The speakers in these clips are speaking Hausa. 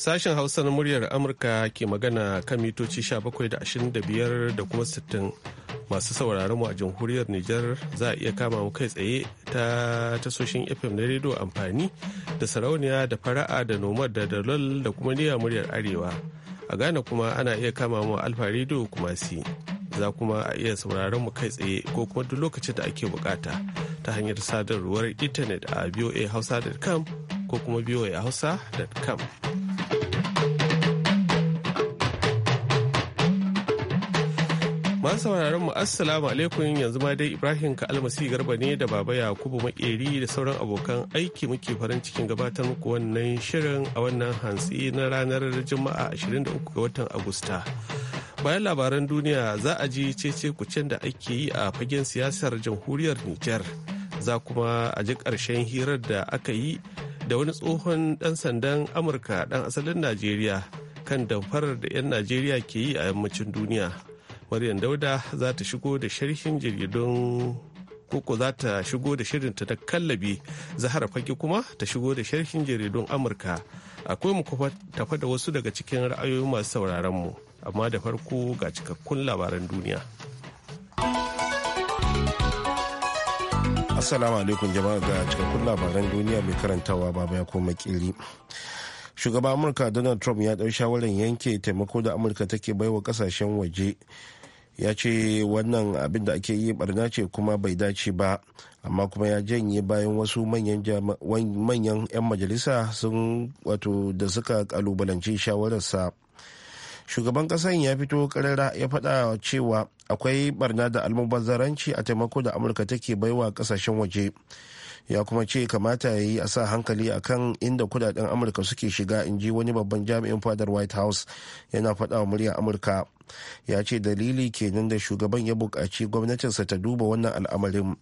Sashen Hausa na muryar Amurka ke magana kan mitoci 17.25 da da kuma 60 masu sauraron mu a jamhuriyar Nijar za a iya kama mu kai tsaye ta tasoshin FM na rediyo amfani da sarauniya da fara'a da nomad da dalol da kuma niyyar muryar Arewa. A Ghana kuma ana iya kama mu Alfa rediyo kuma si. Za kuma a iya sauraron mu kai tsaye ko kuma duk lokacin da ake bukata ta hanyar sadarwar intanet a voahausa.com ko kuma voahausa.com. Masu sauraron mu assalamu alaikum yanzu ma dai Ibrahim ka almasi garba ne da baba Yakubu makeri da sauran abokan aiki muke farin cikin gabatar muku wannan shirin a wannan hantsi na ranar Juma'a 23 ga watan Agusta. Bayan labaran duniya za a ji cece kucin da ake yi a fagen siyasar jamhuriyar niger Za kuma a ji karshen hirar da aka yi da wani tsohon dan sandan Amurka dan asalin Najeriya kan damfarar da 'yan Najeriya ke yi a yammacin duniya. Maryam Dauda za ta shigo da sharhin jaridun koko za ta shigo da shirinta ta kallabi zahara fage kuma ta shigo da sharhin jaridun amurka akwai mu tafa da wasu daga cikin ra'ayoyi masu sauraron mu amma da farko ga cikakkun labaran duniya assalamu alaikum jama'a ga cikakkun labaran duniya mai karantawa baba ya koma kiri shugaban amurka donald trump ya ɗau shawarar yanke taimako da amurka take baiwa kasashen waje ya ce wannan abin da ake yi barna ce kuma bai dace ba amma kuma ya janye bayan wasu manyan 'yan majalisa sun wato da suka kalubalance shawararsa shugaban kasan ya fito karara ya faɗa cewa akwai barna da almubazzaranci a taimako da amurka take baiwa kasashen waje ya kuma ce kamata ya yi a sa hankali a kan inda kudaden amurka suke shiga in ji wani babban jami'in fadar white house yana faɗa wa muryar amurka ya ce dalili kenan da shugaban ya buƙaci gwamnatinsa ta duba wannan al'amarin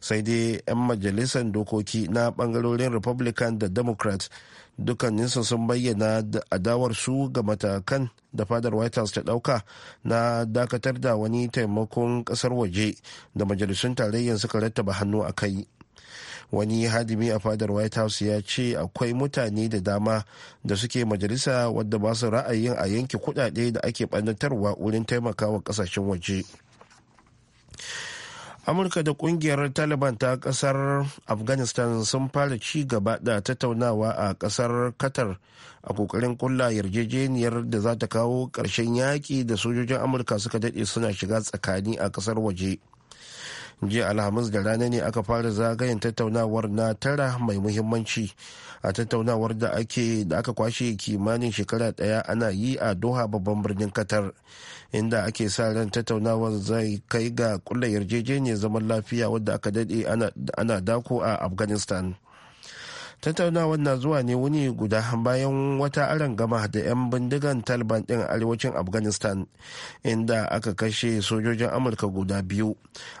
sai dai 'yan majalisar dokoki na bangarorin republican da democrat dukkaninsu sun bayyana adawar su ga matakan da fadar white house ta dauka na dakatar da wani taimakon kasar waje da majalisun tarayyar suka rattaba hannu a kai wani hadimi a fadar white house ya ce akwai mutane da dama da suke majalisa wadda ba su ra'ayin a yanke kudade da ake ɓannatarwa wurin taimakawa kasashen waje. amurka da kungiyar taliban ta kasar afghanistan sun fara ci gaba da tattaunawa a kasar qatar a kokarin kulla yarjejeniyar da za ta kawo ƙarshen yaƙi da sojojin amurka suka daɗe suna shiga tsakani a kasar waje jiya alhamis da rana ne aka fara zagayen tattaunawar na tara mai muhimmanci a tattaunawar da ake da aka kwashe kimanin shekara daya ana yi a doha babban birnin katar inda ake sa ran tattaunawar zai kai ga kulla yarjejeniyar zaman lafiya wadda aka dade ana dako a afghanistan tattaunawar na zuwa ne wuni guda bayan wata aron gama da 'yan bindigan taliban din arewacin afghanistan inda aka kashe sojojin amurka guda biyu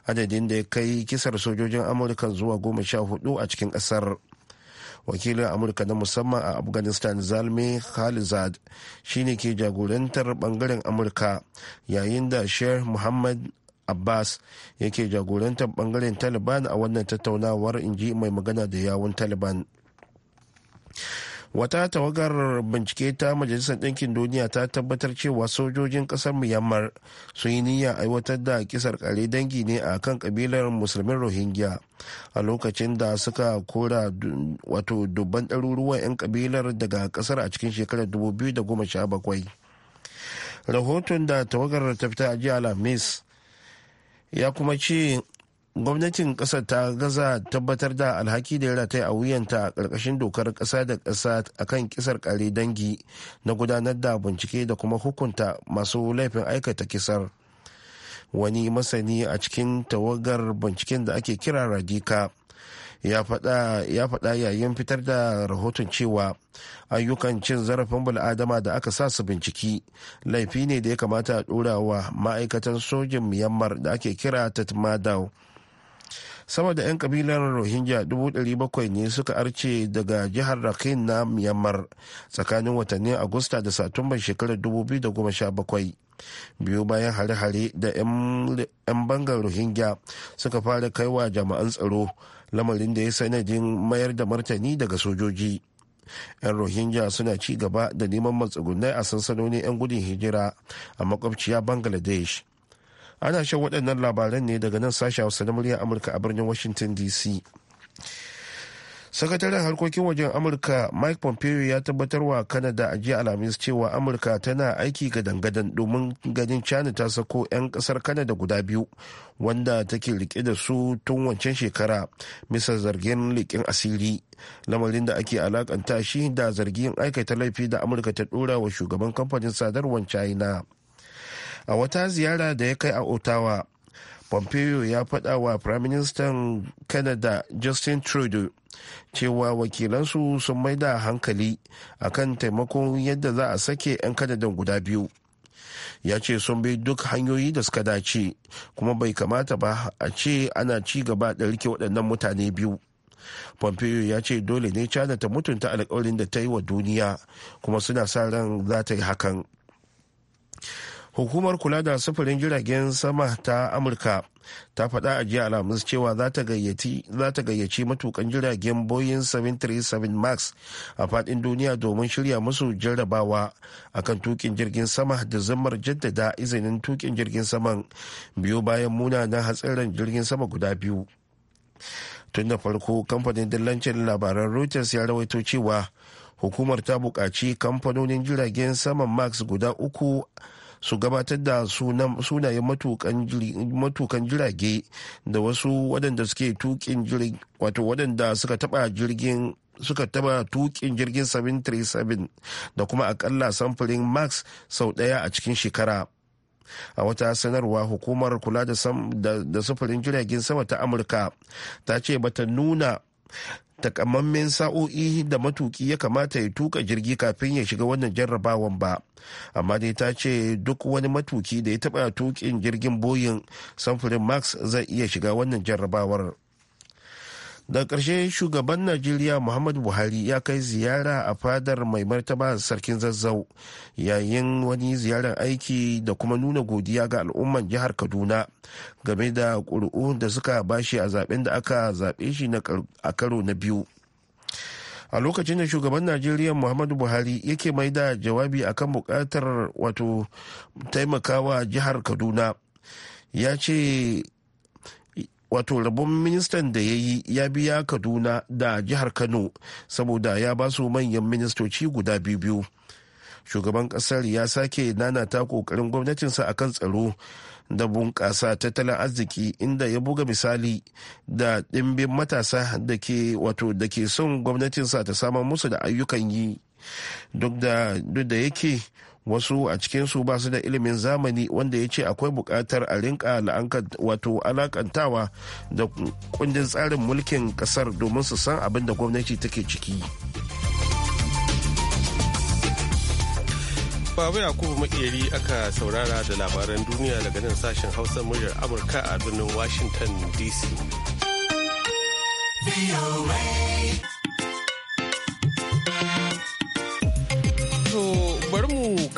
adadin da ya kai kisar sojojin amurka zuwa goma sha hudu a cikin kasar wakilin amurka na musamman a afghanistan zalmi khalizad shine ke jagorantar bangaren amurka yayin da sheikh muhammad abbas yake jagorantar bangaren taliban a wannan tattaunawar in ji mai magana da yawun taliban wata tawagar bincike ta majalisar ɗinkin duniya ta tabbatar cewa sojojin ƙasar myanmar sun yi niyya aiwatar da kisar kare dangi ne a kan ƙabilar musulmin rohingya a lokacin da suka kora wato dubban ɗaruruwan 'yan ƙabilar daga ƙasar a cikin shekarar 2017 rahoton da tawagar ta fita a jiya alhamis ya kuma ce gwamnatin kasar ta gaza tabbatar da alhaki da ya rataya a wuyanta a ƙarƙashin dokar ƙasa da ƙasa kan kisar kare dangi na gudanar da bincike da kuma hukunta masu laifin aikata kisar wani masani a cikin tawagar binciken da ake kira radika ya faɗa yayin fitar da rahoton cewa ayyukan cin zarafin bal'adama da aka sa su binciki laifi ne da ya kamata a ɗora wa ma'aikatan sojin myanmar da ake kira tatmadaw sama da 'yan kabilar rohingya 700 ne suka arce daga jihar rakhine na myanmar tsakanin watannin agusta da satumbar shekarar 2017 biyu bayan hare-hare da 'yan bangar rohingya suka fara kaiwa jama'an tsaro lamarin da ya sanadin mayar da martani daga sojoji 'yan rohingya suna ci gaba da neman matsugunai a sansanoni 'yan gudun hijira a makwabciya bangladesh ana shan waɗannan labaran ne daga nan sashen hausa na murya amurka a birnin washington dc sakataren harkokin wajen amurka mike pompeo ya tabbatar wa kanada a jiya alhamis cewa amurka tana aiki ga dangadan domin ganin china ta sako 'yan kasar kanada guda biyu wanda take rike da su tun wancan shekara bisa zargin likin asiri lamarin da ake alakanta shi da zargin aikata laifi da amurka ta dora wa shugaban kamfanin sadarwar china a wata ziyara da ya kai a otawa pompeo ya faɗa wa firaministan canada justin trudeau cewa wakilansu sun maida hankali kan taimakon yadda za a sake 'yan kanadan guda biyu ya ce sun bi duk hanyoyi da suka dace kuma bai kamata ba a ce ana ci gaba da rike waɗannan mutane biyu pompeo ya ce dole ne china ta mutunta alkawarin da ta yi wa duniya kuma suna sa ran za ta yi hakan hukumar kula da sufurin jiragen sama ta amurka ta faɗa a jiya alhamis cewa za ta gayyaci matukan jiragen boeing 737 max a faɗin duniya domin shirya musu jarrabawa akan tukin jirgin sama da zammar jaddada izinin tukin jirgin saman biyu bayan muna na hatsarin jirgin sama guda biyu tun da farko kamfanin dillancin labaran reuters ya rawaito cewa hukumar ta buƙaci kamfanonin jiragen saman max guda uku su gabatar da sunayen matukan jirage da wasu waɗanda suke tukin wato waɗanda suka taɓa jirgin suka taba tukin jirgin 737 da kuma akalla samfurin max sau ɗaya a cikin shekara a wata sanarwa hukumar kula da sufurin jiragen sama ta amurka ta ce bata nuna takamammen sa'o'i da matuki ya kamata ya tuka jirgi kafin ya shiga wannan jarrabawan ba amma dai ta ce duk wani matuki da ya taba tukin jirgin boyin samfurin max zai iya shiga wannan jarrabawar da ƙarshe shugaban najeriya muhammadu buhari ya kai ziyara a fadar mai martaba sarkin zazzau yayin wani ziyarar aiki da kuma nuna godiya ga al'umman jihar kaduna game da ƙuri'u da suka bashi a zaben da aka zaɓe shi a karo na biyu a lokacin da shugaban najeriya muhammadu buhari yake mai da jawabi akan buƙatar wato taimakawa jihar kaduna ya ce wato rabon ministan da ya yi ya biya kaduna da jihar kano saboda ya ba su manyan ministoci guda biyu shugaban kasar ya sake nanata kokarin gwamnatinsa a kan tsaro da bunƙasa tattalin arziki inda ya buga misali da ɗimbin matasa da ke wato da ke son gwamnatinsa ta samar musu da ayyukan yi duk da yake wasu a cikin su basu da ilimin zamani wanda ya ce akwai bukatar a rinka wato alakantawa da kundin tsarin mulkin ƙasar domin su san abin da gwamnati take ciki. Baba Yakubu Makeri aka saurara da labaran duniya daga nan sashen Hausa muryar Amurka a birnin Washington DC.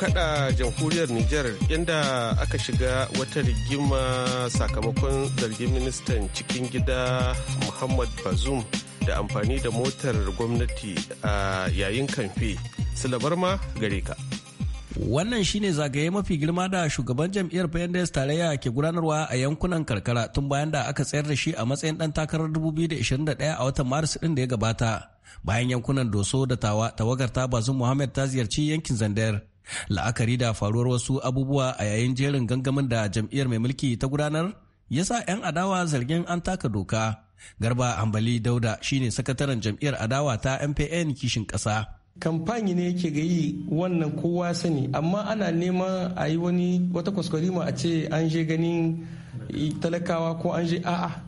kada jamhuriyar Nijar inda aka shiga wata rigima sakamakon zargin ministan cikin gida Muhammad Bazoum da amfani da motar gwamnati a yayin kamfe. Silabar ma gare ka. Wannan shine zagaye mafi girma da shugaban jam'iyyar PNDS tarayya ke gudanarwa a yankunan karkara tun bayan da aka tsayar da shi a matsayin dan takarar 2021 a watan Maris din da ya gabata. Bayan yankunan Doso da Tawa, tawagar ta bazin Muhammad ta ziyarci yankin Zandar la'akari da faruwar wasu abubuwa a yayin jerin gangamin da jam'iyyar mai mulki ta gudanar ya sa 'yan adawa zargin an taka doka garba ambali dauda shine sakataren jam'iyyar adawa ta mpn kishin kasa. kamfani ne yake ga wannan kowa sani amma ana neman a yi wani wata kwaskwarima a ce an je ganin talakawa ko an je a'a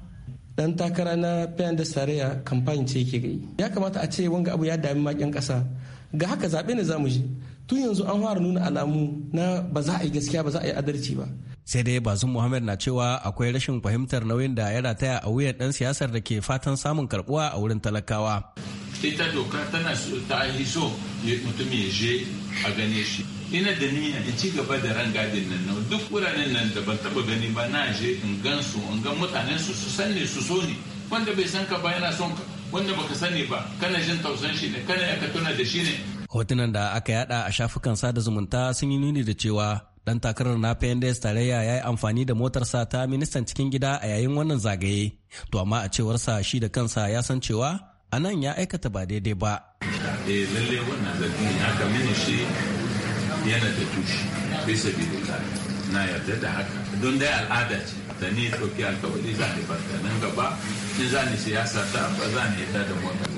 dan takara na fayan da sarayya kamfani ce yake gai ya kamata a ce wanga abu ya dami makin kasa ga haka zaɓe ne zamu je tun yanzu an fara nuna alamu na ba za a yi gaskiya ba za a yi adalci ba sai dai bazin muhammad na cewa akwai rashin fahimtar nauyin da ya rataya a wuyan dan siyasar da ke fatan samun karbuwa a wurin talakawa ita doka tana ta yi so mutum ya je a gane shi ina da niyya in ci gaba da ran gadin nan duk wuraren nan da ban taba gani ba na je in gan su in gan mutanen su su san ne su so ne wanda bai san ka ba yana son ka wanda baka sani ba kana jin tausan shi ne kana ya ka tuna da shi ne hotunan da aka yada a shafukan sada zumunta sun yi nuni da cewa dan takarar na PNDS tarayya ya yi amfani da motarsa ta ministan cikin gida a yayin wannan zagaye. To amma a cewarsa shi da kansa ya san cewa a nan ya aikata ba daidai ba. Eh lalle wannan zargin ya kame shi yana da tushe bisa bidika na yarda da haka don dai al'ada ce ta ne ɗauki alkawali za ni barka nan gaba shi za ni siyasa ta ba za ni yadda da motar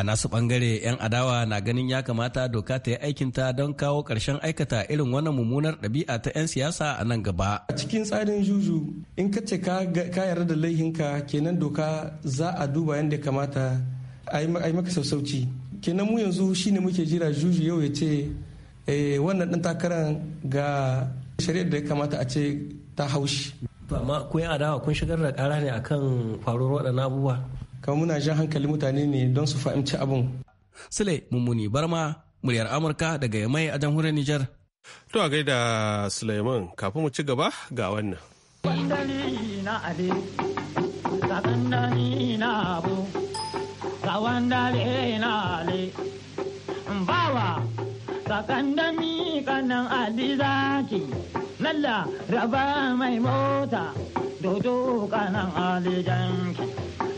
a nasu bangare 'yan adawa na ganin ya kamata doka ta yi aikinta don kawo karshen aikata irin wannan mummunar ɗabi'a ta 'yan siyasa a nan gaba a cikin tsarin juju in ka ce ka yarda da laihinka kenan doka za a duba yadda kamata a yi maka sassauci kenan mu yanzu shine muke jira juju yau ya ce eh, wannan ɗan takarar ga shari'ar da ya kamata a ce ta haushi amma kun adawa kun shigar da kara ne akan faruwar waɗannan abubuwa kamar muna jan hankali mutane ne don su fahimci abin. Sule Mummuni Barma, muryar Amurka daga Yamai a jamhuriyar Nijar. To a gaida Suleiman kafin mu ci gaba ga wannan. bawa kanan ali zaki, lalla raba mai mota, dodo kanan ali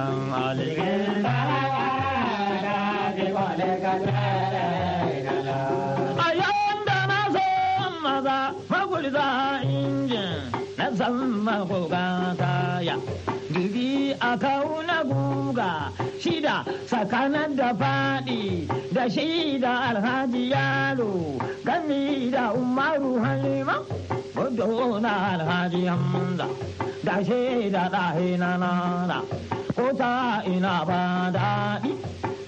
na maza za injin na zama gogata ya dubi a kauna guga shida tsakanin da faɗi da shida alhaji yalo gami da umaru halima gudu na alhaji hamza da shida ɗahe na nana kusa ina ba daɗi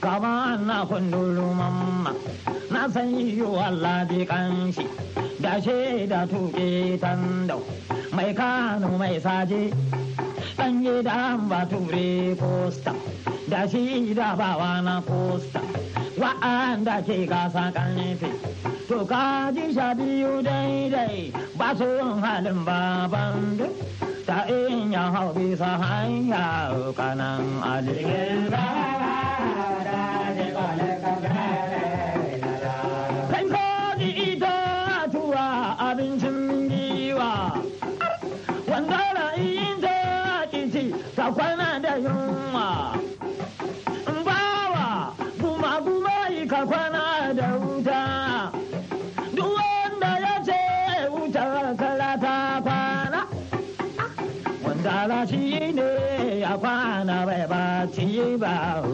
kama na kundulu mamma na san yiwu Allah bi kanshi da da tuƙe tandau mai kano mai saje an da ba posta da shi da bawa na posta wa'anda ke gasa karfe to ka ji sha biyu daidai ba su yin halin baban duk ta in ya hau bisa hanya kanan alirgin ba da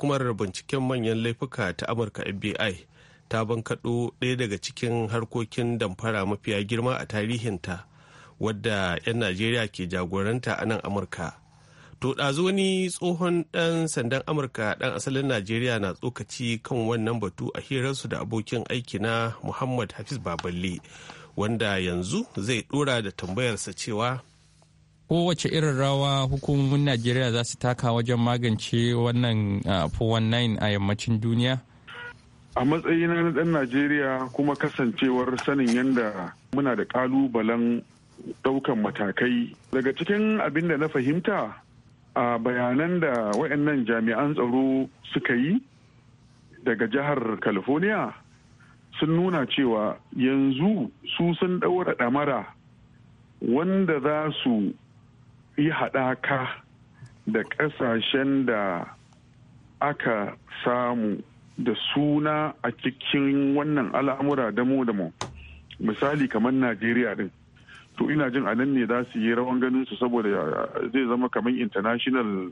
hukumar binciken manyan laifuka ta amurka fbi ta bankaɗo ɗaya daga cikin harkokin damfara mafiya girma a tarihinta wadda 'yan najeriya ke jagoranta a nan amurka to ɗazu wani tsohon ɗan sandan amurka ɗan asalin najeriya na tsokaci kan wannan batu a hirarsu da abokin aiki na muhammad hafiz baballe wanda yanzu zai ɗora da tambayarsa cewa kowace irin rawa hukumomin najeriya za su taka wajen magance wannan 419 a yammacin duniya a matsayina na dan najeriya kuma kasancewar sanin yadda muna da kalubalen daukan matakai daga cikin abin da na fahimta a bayanan da waɗannan jami'an tsaro suka yi daga jihar california sun nuna cewa yanzu su sun ɗaura ɗamara wanda za su yi haɗaka da ƙasashen da aka samu da suna a cikin wannan al'amura da mu da mu misali kamar najeriya din to ina jin a nan ne za su yi rawan ganin su saboda eh, zai zama kamar international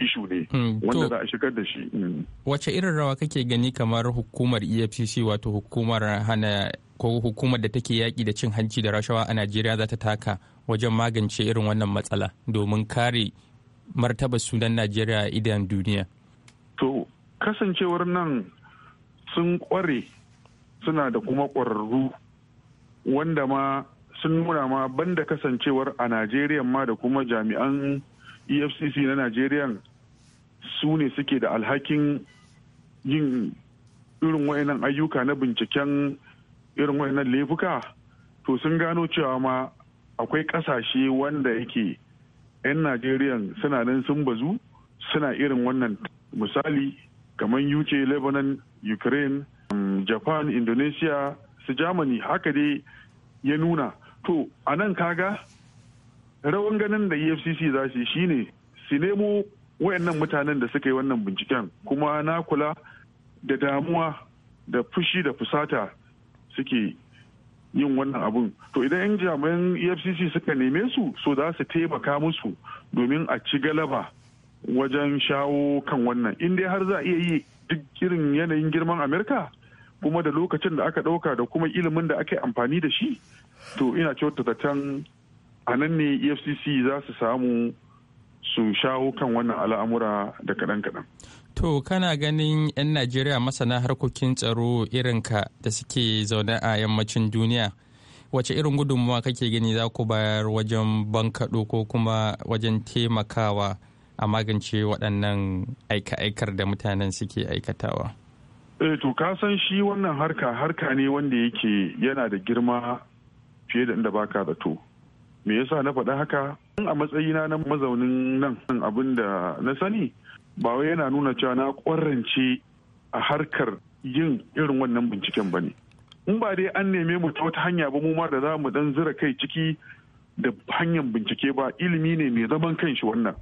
issue ne hmm, wanda za a shigar da shi hmm. wace irin rawa kake gani kamar hukumar efcc wato hukumar hana ko hukumar da take yaƙi da cin hanci da rashawa a najeriya za ta taka wajen magance irin wannan matsala domin kare martabar sunan najeriya a idan duniya to kasancewar nan sun kware suna da kuma kwararru wanda ma sun nuna ma banda kasancewar a najeriya ma da kuma jami'an efcc na najeriya su ne suke da alhakin yin irin wayannan ayyuka na binciken irin wayannan laifuka to sun gano cewa ma akwai kasashe wanda yake 'yan najeriya suna nan sun bazu suna irin wannan misali kamar uk lebanon ukraine um, japan indonesia su germany haka dai ya nuna to a nan kaga rawan ganin da efcc za su yi shine su nemo wayannan mutanen da suka yi wannan binciken kuma na kula da damuwa da fushi da fusata suke yin wannan abun to idan 'yan jami'an efcc suka neme su so za su taimaka musu domin a ci galaba wajen shawo kan wannan in dai har za a iya yi duk irin yanayin girman amerika kuma da lokacin da aka ɗauka da kuma ilimin da ake amfani da shi to ina kyautata can a nan ne efcc za su samu su shawo kan wannan al'amura da kaɗan-kaɗan To kana ganin 'yan Najeriya masana harkokin tsaro irinka da suke zaune a yammacin duniya. Wace irin gudunmuwa kake gani za ku bayar wajen bankaɗo ko kuma wajen taimakawa a magance waɗannan aika-aikar da mutanen suke aikatawa? Eh to ka san shi wannan harka harka ne wanda yake yana da girma fiye da inda baka to. Me yasa na faɗa haka? A matsayina na mazaunin nan abin da na sani. ba wai yana nuna cewa na ƙwarance a harkar yin irin wannan binciken ba ne in ba dai an neme mu ta wata hanya ba mu ma da za mu dan zira kai ciki da hanyar bincike ba ilimi ne mai zaman kan shi wannan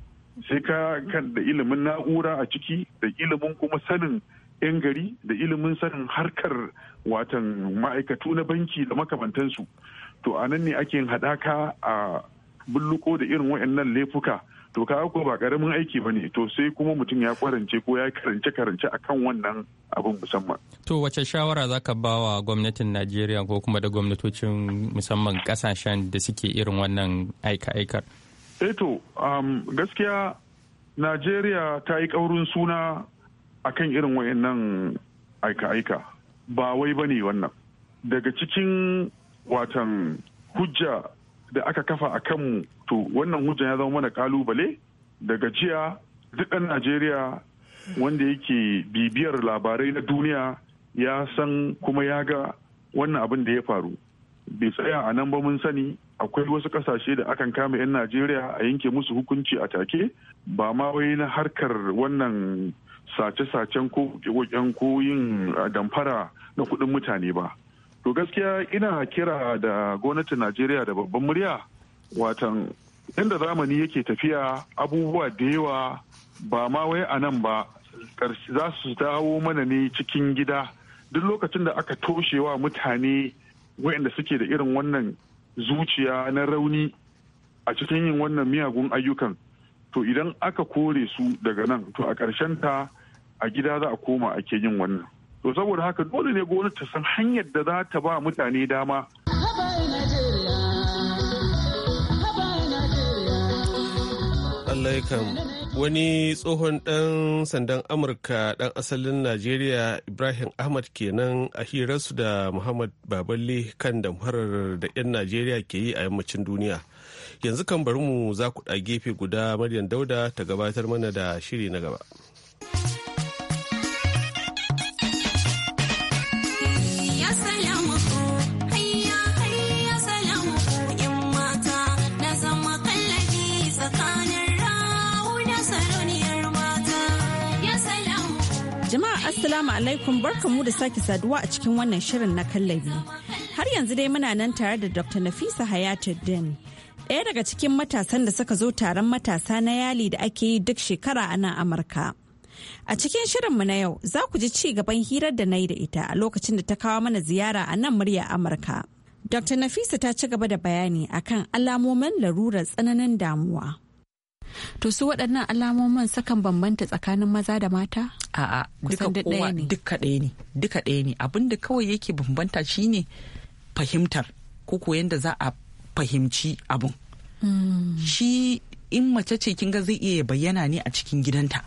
sai ka kan da ilimin na'ura a ciki da ilimin kuma sanin 'yan gari da ilimin sanin harkar watan ma'aikatu na banki da makamantansu to a nan ne ake haɗaka a bulluko da irin waɗannan laifuka to ka ko ba karamin aiki bane to sai kuma mutum ya kwarance ko ya karance karance akan wannan abin musamman to wace shawara zaka ba wa gwamnatin Najeriya ko kuma da gwamnatocin musamman kasashen da suke irin wannan aika aikar eh to gaskiya Najeriya ta yi ƙaurin suna akan irin wayannan aika aika ba wai bane wannan daga cikin watan hujja da aka kafa a kanmu to wannan hujja ya zama mana kalubale daga jiya duk ɗan najeriya wanda yake bibiyar labarai na duniya ya san kuma ya ga wannan abin da ya faru bai tsaya a nan ba mun sani akwai wasu kasashe da akan kama 'yan najeriya a yanke musu hukunci a take ba ma wai na harkar wannan sace-sacen ko ko yin damfara na kuɗin mutane ba to gaskiya ina kira da gwamnatin najeriya da babban murya watan inda zamani yake tafiya abubuwa da yawa ba ma wai a nan ba za su dawo mana ne cikin gida duk lokacin da aka toshewa mutane waɗanda suke da irin wannan zuciya na rauni a cikin yin wannan miyagun ayyukan to idan aka kore su daga nan to a ƙarshen ta a gida za a koma ake yin wannan to saboda haka dole ne gwamnati ta san hanyar da za ta ba mutane dama lallai kam wani tsohon ɗan sandan amurka ɗan asalin najeriya ibrahim ahmad kenan a hirarsu da muhammad baballe kan damfarar da 'yan najeriya ke yi a yammacin duniya yanzu kan bari mu za ku ɗa gefe guda maryam dauda ta gabatar mana da shiri na gaba. Assalamu alaikum barkamu da sake saduwa a cikin wannan shirin na kallabi. Har yanzu dai muna nan tare da Dr. Nafisa din. Ɗaya daga cikin matasan da suka zo taron matasa na yali da ake yi duk shekara a nan Amurka. A cikin shirinmu na yau za ku ji ci gaban hirar da na yi da ita a lokacin da ta kawo mana ziyara a nan murya Amurka. Dr. Nafisa ta ci gaba da bayani akan alamomin larurar tsananin damuwa. to su waɗannan alamomin sakan bambanta tsakanin maza da mata a'a duka duka ɗaya ne duka ɗaya ne abin da kawai yake bambanta shine fahimtar ko ko yanda za a fahimci abun hmm. shi in mace ce kin ga zai iya bayyana ne a cikin gidanta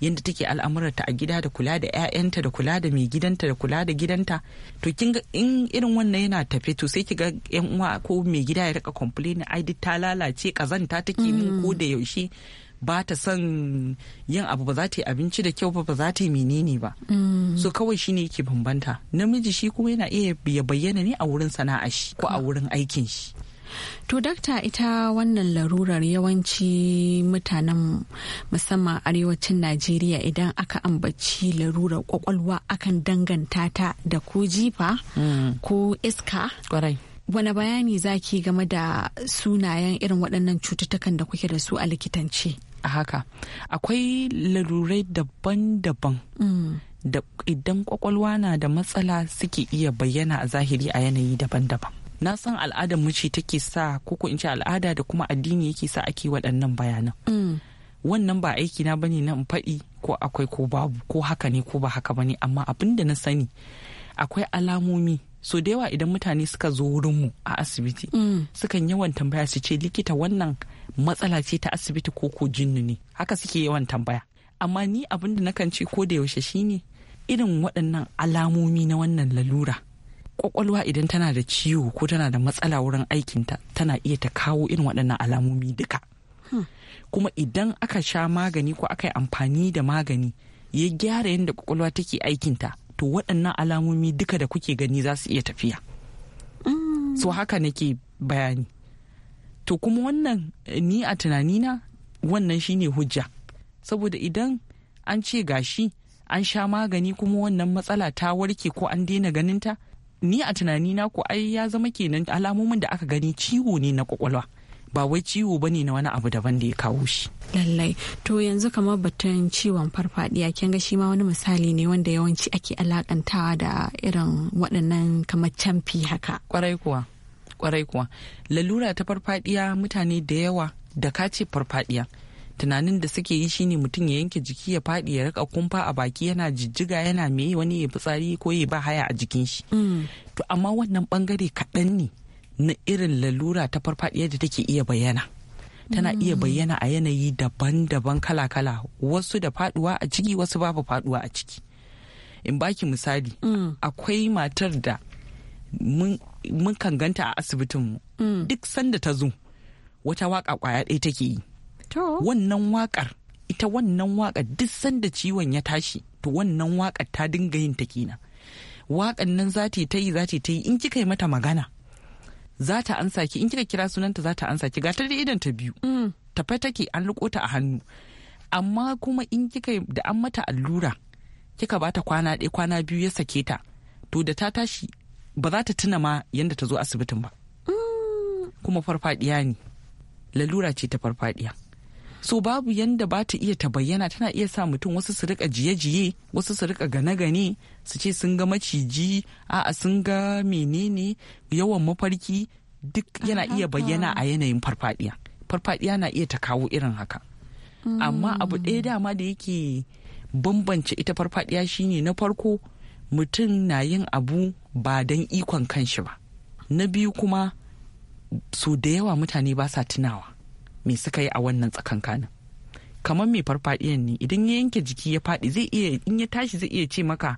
yadda take al'amurarta a gida da kula da 'ya'yanta da kula da mai gidanta da kula da gidanta to kin ga in irin wannan yana tafe to sai ki ga yan uwa ko mai gida ya rika complain ai duk ta lalace kazanta take min ko da mm. yaushe ba ta son yin abu ba za ta yi abinci da kyau ba ba za ta yi menene ba mm. so kawai shine yake bambanta namiji shi kuma yana iya bayyana ne a wurin sana'a shi ko a wurin aikin shi To dakta ita wannan larurar yawanci mutanen musamman arewacin Najeriya idan aka ambaci larurar kwakwalwa akan danganta ta da ko jifa mm. ko iska. Kwarai. Wane bayani zaki game da sunayen irin waɗannan cututtukan da kuke da su a likitanci. A haka, akwai larurai daban-daban. Mm. da idan kwakwalwa na da matsala suke iya bayyana a zahiri a yanayi daban-daban. na san al'adar mu take sa koko in ce al'ada da kuma addini yake sa ake waɗannan bayanan mm. wannan ba aiki na bane na in faɗi ko akwai ko babu ko haka ne ko ba haka bane amma abin da na sani akwai alamomi so da yawa idan mutane suka zo wurin mu a asibiti mm. sukan yawan tambaya su ce likita wannan matsala ce ta asibiti ko ko jinnu ne haka suke yawan tambaya amma ni abin da nakan ce ko da yaushe shine irin waɗannan alamomi na wannan lalura kwakwalwa idan tana da ciwo ko tana da matsala wurin aikinta tana iya ta kawo irin waɗannan alamomi duka hmm. kuma idan aka sha magani ko aka yi amfani da magani ya gyara yadda kwakwalwa take aikinta to waɗannan alamomi duka da kuke gani za su iya tafiya hmm. so haka nake bayani to kuma wannan ni a tunanina wannan shine hujja saboda idan an ce gashi an sha magani kuma wannan matsala ta warke ko an daina ganinta ni a tunani na ko ai ya zama kenan alamomin da aka gani ciwo ne na kwakwalwa ba wai ciwo ba ne na wani abu daban da ya kawo shi. Lallai, to yanzu kamar batun ciwon farfadiya kin ga shi ma wani misali ne wanda yawanci ake alakantawa da irin waɗannan kamar camfi haka. Kwarai kuwa, kwarai kuwa. Lalura ta farfadiya mutane da yawa da ka ce farfadiya tunanin da suke yi shine mutum ya yanke jiki ya faɗi ya rika kumfa a baki yana jijjiga yana me wani ya fitsari ko ya ba haya a jikin shi mm. to amma wannan bangare kaɗan ne na irin lalura ta farfadiya da take iya bayyana tana iya mm. bayyana a yanayi daban-daban kala-kala wasu da faduwa a ciki wasu babu faduwa a ciki in baki misali mm. akwai matar da mun kan ganta a asibitinmu duk sanda ta zo wata waka kwaya ɗaya take yi to. wannan wakar ita wannan wakar duk sanda ciwon ya tashi to wannan wakar ta dinga yin ta kina wakan nan za ta yi za ta yi in kika yi mata magana za ta ansa ki in kika kira sunanta za ta ansa ki ga ta da idan ta biyu mm. tafe take an riko ta a hannu amma kuma in kika da an mata allura kika bata kwana ɗaya kwana biyu ya sake ta to da ta tashi ba za ta tuna ma yadda ta zo asibitin ba mm. kuma farfaɗiya ne lalura ce ta farfaɗiya. so babu yanda ba ta iya ta bayyana tana iya sa mutum wasu su rika jiye-jiye wasu su rika gane-gane su ce sun ga maciji a'a sun ga menene yawan mafarki duk yana iya bayyana a yanayin farfadiya farfadiya na iya ta kawo irin haka amma abu mm. ɗaya dama da yake bambance ita farfadiya shine na farko mutum na yin abu ba don ikon kanshi ba na biyu kuma so da yawa mutane ba sa tunawa me suka yi a wannan tsakan tsakankanin kamar mai farfadiyan ne idan ya yanke jiki ya faɗi zai iya in ya tashi zai iya ce maka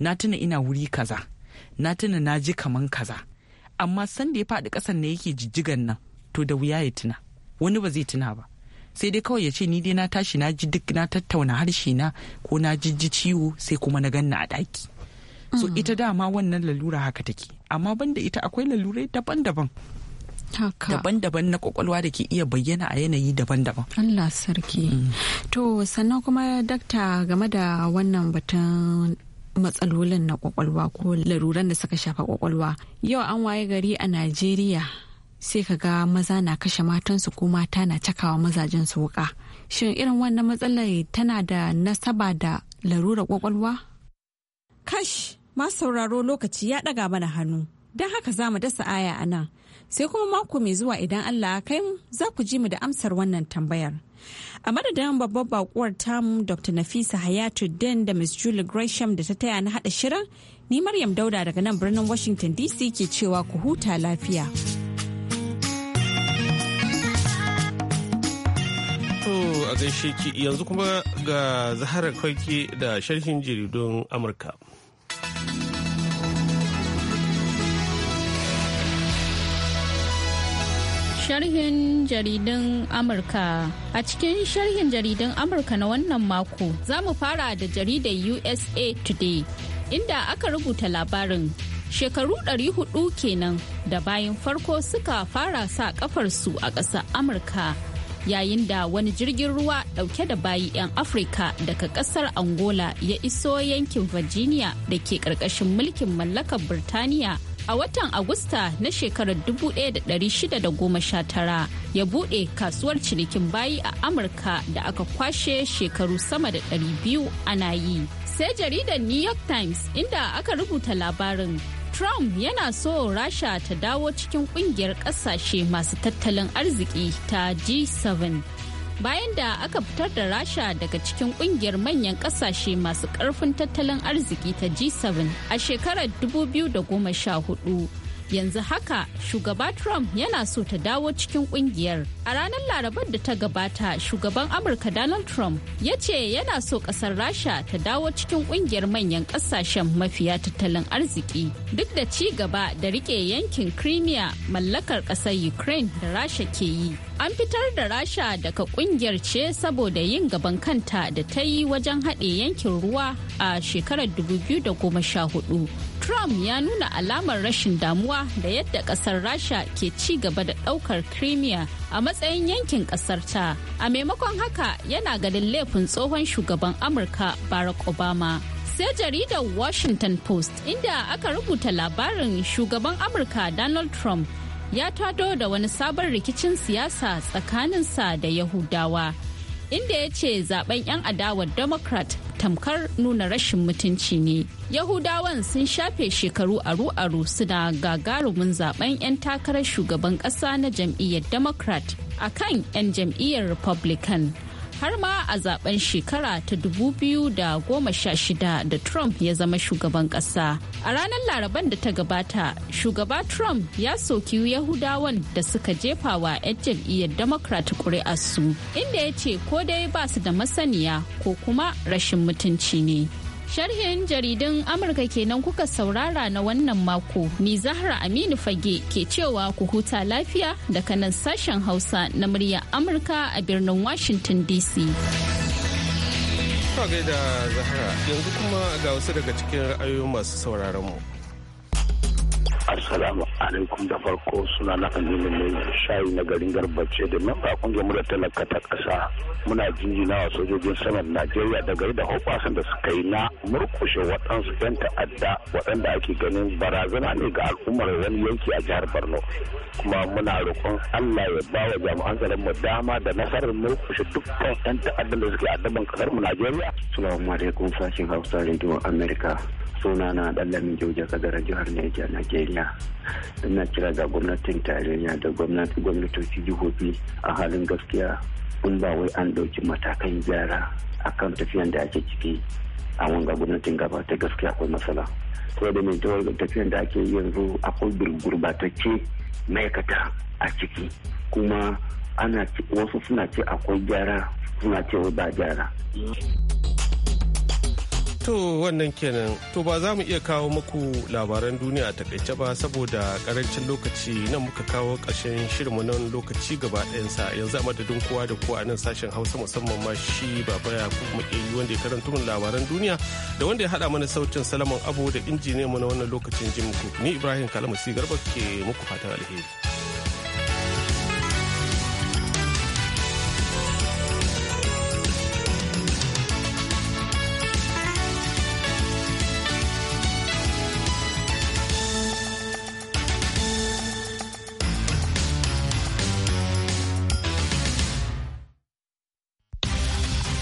na tuna ina wuri kaza na tuna na ji kaman kaza amma san da ya faɗi kasan ne yake jijjigan nan to da wuya ya tuna wani ba zai tuna ba sai dai kawai ya ce ni dai na tashi na ji duk na tattauna harshe na ko na jijji ciwo sai kuma na ganna a ɗaki so mm. ita dama wannan lalura haka take amma banda ita akwai lalurai daban-daban daban-daban na kwakwalwa da ke iya bayyana a yanayi daban-daban. Allah sarki. Mm. To sannan kuma dakta game da wannan batun matsalolin na kwakwalwa ko laruran da suka shafa kwakwalwa. Yau an waye gari a Najeriya sai ka ga maza na kashe matansu ko mata na cakawa mazajen su wuka. Shin irin wannan matsalar tana da nasaba da larurar kwakwalwa? Kash, masu sauraro lokaci ya ɗaga mana hannu. Don haka za mu dasa aya a nan. sai kuma mako mai zuwa idan Allah kai mu za ku ji mu da amsar wannan tambayar. A madadin babbar bakuwar tamu Dr. Nafisa Hayatu Den da Ms. Julie Gresham da ta taya na haɗa shirin, ni Maryam Dauda daga nan birnin Washington DC ke cewa ku huta lafiya. To ki yanzu kuma ga Zahara Kwaki da sharhin jaridun Amurka. sharhin jaridan Amurka. A cikin sharhin jaridan Amurka na wannan mako za mu fara da jaridar USA Today inda aka rubuta labarin shekaru 400 kenan da bayan farko suka fara sa kafarsu a ƙasa Amurka. yayin da wani jirgin ruwa ɗauke da bayi 'yan afirka daga ƙasar angola ya iso yankin virginia da ke ƙarƙashin mulkin mallakar birtaniya a watan Agusta na shekarar 1619 ya buɗe kasuwar cinikin bayi a Amurka da aka kwashe shekaru sama da 200 ana yi. Sai jaridar New York Times inda aka rubuta labarin Trump yana so Rasha ta dawo cikin kungiyar ƙasashe masu tattalin arziki ta G7. bayan da aka fitar da rasha daga cikin kungiyar manyan kasashe masu karfin tattalin arziki ta g7 a shekarar 2014 yanzu haka shugaba trump yana so ta dawo cikin kungiyar A ranar Larabar da ta gabata, shugaban Amurka Donald Trump ya ce yana so kasar Rasha ta dawo cikin kungiyar manyan kasashen mafiya tattalin arziki duk da ci gaba da rike yankin Crimea mallakar kasar Ukraine da Rasha ke yi. An fitar da Rasha daga kungiyar ce saboda yin gaban kanta da ta yi wajen haɗe yankin ruwa a shekarar 2014. Trump ya nuna alamar rashin damuwa da yadda ƙasar Rasha ke ci gaba da ɗaukar Crimea a matsayin yankin ƙasar ta a maimakon haka yana ganin laifin tsohon shugaban amurka barack obama sai jaridar washington post inda aka rubuta labarin shugaban amurka donald trump ya tado da wani sabon rikicin siyasa tsakaninsa da yahudawa inda ya ce zaben 'yan adawar democrat tamkar nuna rashin mutunci ne yahudawan sun shafe shekaru aru-aru suna gagarumin zaben 'yan takarar shugaban ƙasa na jam'iyyar democrat a kan 'yan jam'iyyar republican har ma a zaben shekara ta 2016 da Trump ya zama shugaban ƙasa. A ranar Laraban da ta gabata, shugaba Trump ya soki Yahudawan da suka jefa wa 'yan jam'iyyar Democrat ƙuri'arsu, inda ya ce ko dai ba su da masaniya ko kuma rashin mutunci ne. Sharhin jaridun Amurka kenan kuka saurara na wannan mako. Ni Zahra Aminu Fage ke cewa ku huta lafiya daga nan sashen Hausa na muryar Amurka a birnin Washington DC. Kwa da Zahra yanzu kuma ga wasu daga cikin ra'ayoyin masu sauraron mu. Assalamu alaikum da farko suna na aminu mai shayi na garin garbace da memba kungiyar mu da talaka ta kasa muna jinjina wa sojojin saman najeriya da gari da hoɓasan da suka yi na murkushe waɗansu 'yan ta'adda waɗanda ake ganin barazana ne ga al'ummar wani yanki a jihar borno kuma muna roƙon allah ya ba wa jami'an tsaron mu dama da nasarar murkushe dukkan 'yan ta'addan da suke addaban kasar mu najeriya. salamu alaikum sashen hausa rediyon amerika suna na ɗallamin jauja kagara jihar Niger Najeriya. Ina kira ga gwamnatin tarayya da gwamnati gwamnatoci jihohi a halin gaskiya kun ba wai an ɗauki matakan gyara akan tafiyan da ake ciki a wanga gwamnatin gaba ta gaskiya akwai matsala. ko da mai tafiyan da ake yanzu akwai gurbatacce ma'aikata a ciki kuma ana wasu suna ce akwai gyara suna ce wai ba gyara. To wannan kenan to ba za mu iya kawo muku labaran duniya a takaice ba saboda karancin lokaci nan muka kawo ƙarshen shirin nan lokaci gaba ɗayansa yanzu a madadin kowa da kowa a nan sashen hausa musamman ma shi baba ya kuma wanda ya karanta mun labaran duniya da wanda ya haɗa mana sautin salaman abu da injiniyan mu na wannan lokacin jim ni ibrahim kalamasi garba ke muku fatan alheri.